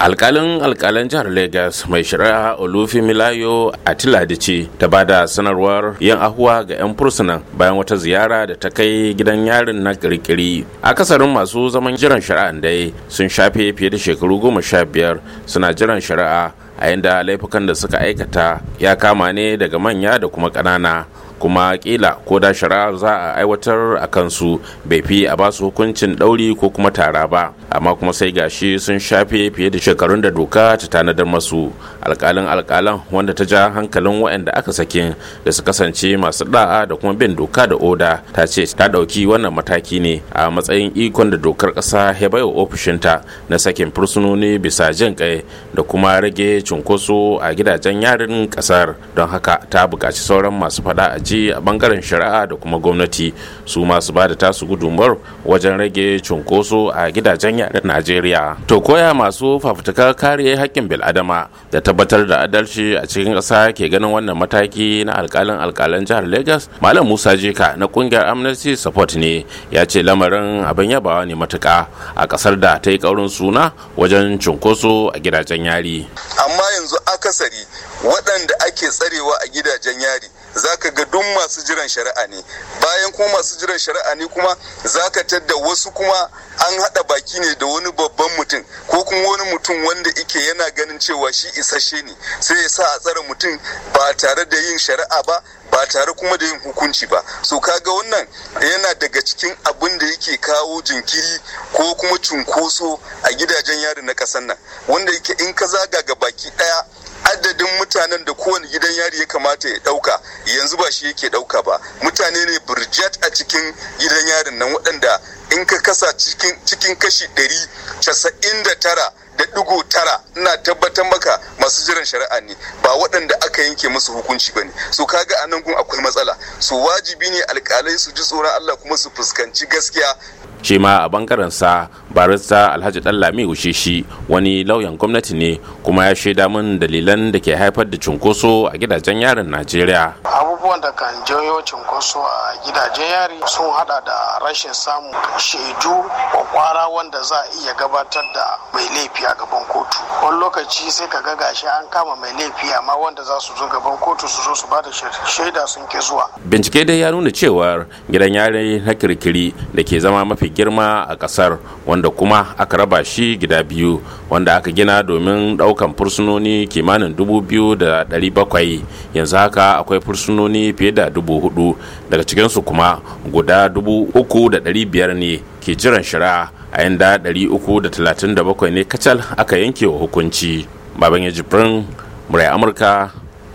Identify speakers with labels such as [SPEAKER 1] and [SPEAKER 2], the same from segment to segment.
[SPEAKER 1] alkalin alkalan jihar lagos mai shari'a a tiladici ta ba da sanarwar yin ahuwa ga 'yan fursunan bayan wata ziyara da ta kai gidan yarin na kirkiri akasarin masu zaman jiran shari'a dai sun shafe fiye da shekaru goma sha biyar suna jiran shari'a a yadda laifukan da suka aikata ya kama ne daga manya da kuma ƙanana kuma kila ko da shari'a za a aiwatar a kansu bai fi a basu hukuncin ɗauri ko kuma tara ba amma kuma sai gashi sun shafe fiye da shekarun da doka ta tanadar masu alkalin alkalan wanda ta ja hankalin waɗanda aka sakin da su kasance masu da'a da kuma bin doka da oda ta ce ta ɗauki wannan mataki ne a matsayin ikon da dokar ƙasa ya bai wa ofishinta na sakin fursunoni bisa jin kai da kuma rage cunkoso a gidajen yarin ƙasar don haka ta buƙaci sauran masu faɗa a gwamnati a bangaren shari'a da kuma gwamnati su masu ba da tasu gudunmawar wajen rage cunkoso a gidajen yaren najeriya to koya masu fafutuka kare haƙƙin bil'adama da tabbatar da adalci a cikin ƙasa ke ganin wannan mataki na alkalin-alkalin jihar lagos malam musa jeka na ƙungiyar amnesty support ne ya ce lamarin abin yabawa ne matuka a ƙasar da ta yi ƙaurin suna wajen cunkoso a gidajen yari
[SPEAKER 2] amma yanzu akasari waɗanda ake tsarewa a gidajen yari za ka ga duk masu jiran shari'a ne bayan kuma masu jiran shari'a ne kuma za ka tadda wasu kuma an haɗa baki ne da wani babban mutum ko kuma wani mutum wanda ike yana ganin cewa shi isasshe ne sai ya sa a tsare mutum ba tare da yin shari'a ba ba tare kuma da yin hukunci ba so kaga wannan yana daga cikin abin da yake kawo jinkiri ko kuma cunkoso a gidajen yari na kasan nan wanda yake in ka zaga ga baki ɗaya adadin mutanen da kowane gidan yari ya kamata ya dauka yanzu ba shi yake dauka ba mutane ne burjet a cikin gidan yarin nan waɗanda in ka kasa cikin kashi 199 da ɗigo tara ina tabbatar maka masu jiran shari'a ne ba waɗanda aka yanke musu hukunci ba ne so ka ga nan gun akwai matsala so wajibi ne alƙalai su ji tsoron allah kuma su fuskanci gaskiya
[SPEAKER 1] shi ma a ɓangaren sa barista alhaji lami shi wani lauyan gwamnati ne kuma ya shaida min dalilan da ke haifar da cunkoso a gidajen yarin najeriya abubuwan da kan jawo cunkoso a gidajen yari sun hada da rashin samun shaidu kwakwara wanda za a iya gabatar da mai laifi a gaban kotu lokaci sai ka ga gashi an kama mai laifi amma wanda za su zo gaban kotu su zo su ba da shaida sun ke zuwa bincike dai ya nuna cewar gidan yare na kirkiri da ke zama mafi girma a kasar wanda kuma aka raba shi gida biyu wanda aka gina domin daukan fursunoni kimanin dubu biyu da dari bakwai yanzu haka akwai fursunoni fiye da dubu hudu daga cikinsu kuma guda dubu uku da dari biyar ne ke jiran shari'a a yanda 337 ne kacal aka yanke wa hukunci baban ya jibrin murai amurka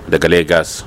[SPEAKER 1] daga lagos